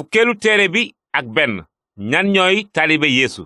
fukkeelu téere bi ak benn ñan ñooy taalibe yéesu